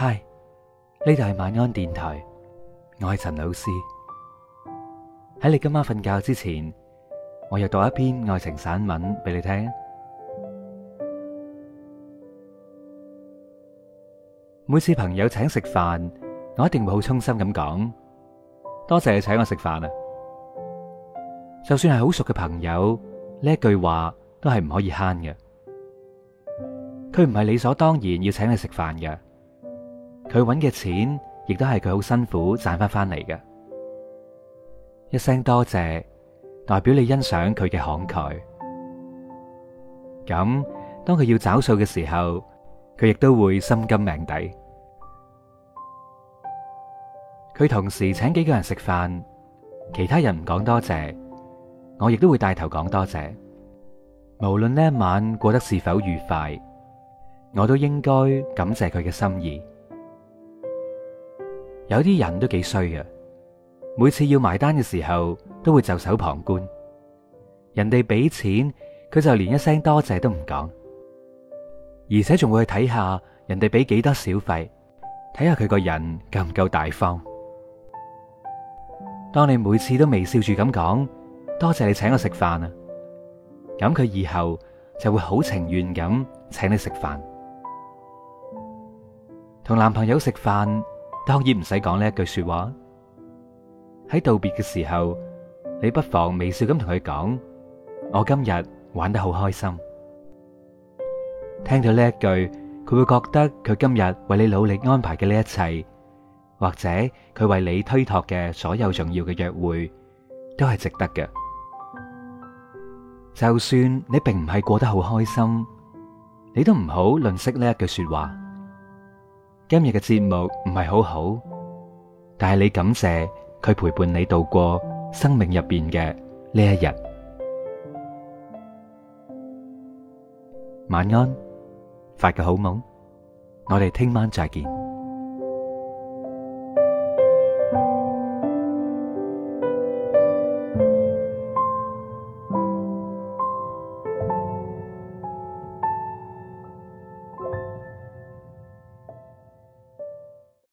嗨，呢度係晚安電台，我係陳老師。喺你今晚瞓覺之前，我又讀一篇愛情散文俾你聽。每次朋友請食飯，我一定會好衷心咁講多謝你請我食飯啊！就算係好熟嘅朋友，呢一句話都係唔可以慳嘅。佢唔係理所當然要請你食飯嘅。佢揾嘅錢亦都係佢好辛苦賺翻翻嚟嘅。一聲多謝代表你欣賞佢嘅慷慨。咁當佢要找數嘅時候，佢亦都會心甘命抵。佢同時請幾個人食飯，其他人唔講多謝，我亦都會帶頭講多謝。無論呢一晚過得是否愉快，我都應該感謝佢嘅心意。有啲人都幾衰嘅，每次要埋單嘅時候都會袖手旁觀，人哋俾錢佢就連一聲多謝都唔講，而且仲會去睇下人哋俾幾多小費，睇下佢個人夠唔夠大方。當你每次都微笑住咁講多謝你請我食飯啊，咁佢以後就會好情願咁請你食飯，同男朋友食飯。當然唔使講呢一句說話，喺道別嘅時候，你不妨微笑咁同佢講：我今日玩得好開心。聽到呢一句，佢會覺得佢今日為你努力安排嘅呢一切，或者佢為你推託嘅所有重要嘅約會，都係值得嘅。就算你並唔係過得好開心，你都唔好吝嗇呢一句說話。今日嘅節目唔係好好，但係你感謝佢陪伴你度過生命入邊嘅呢一日。晚安，發個好夢，我哋聽晚再見。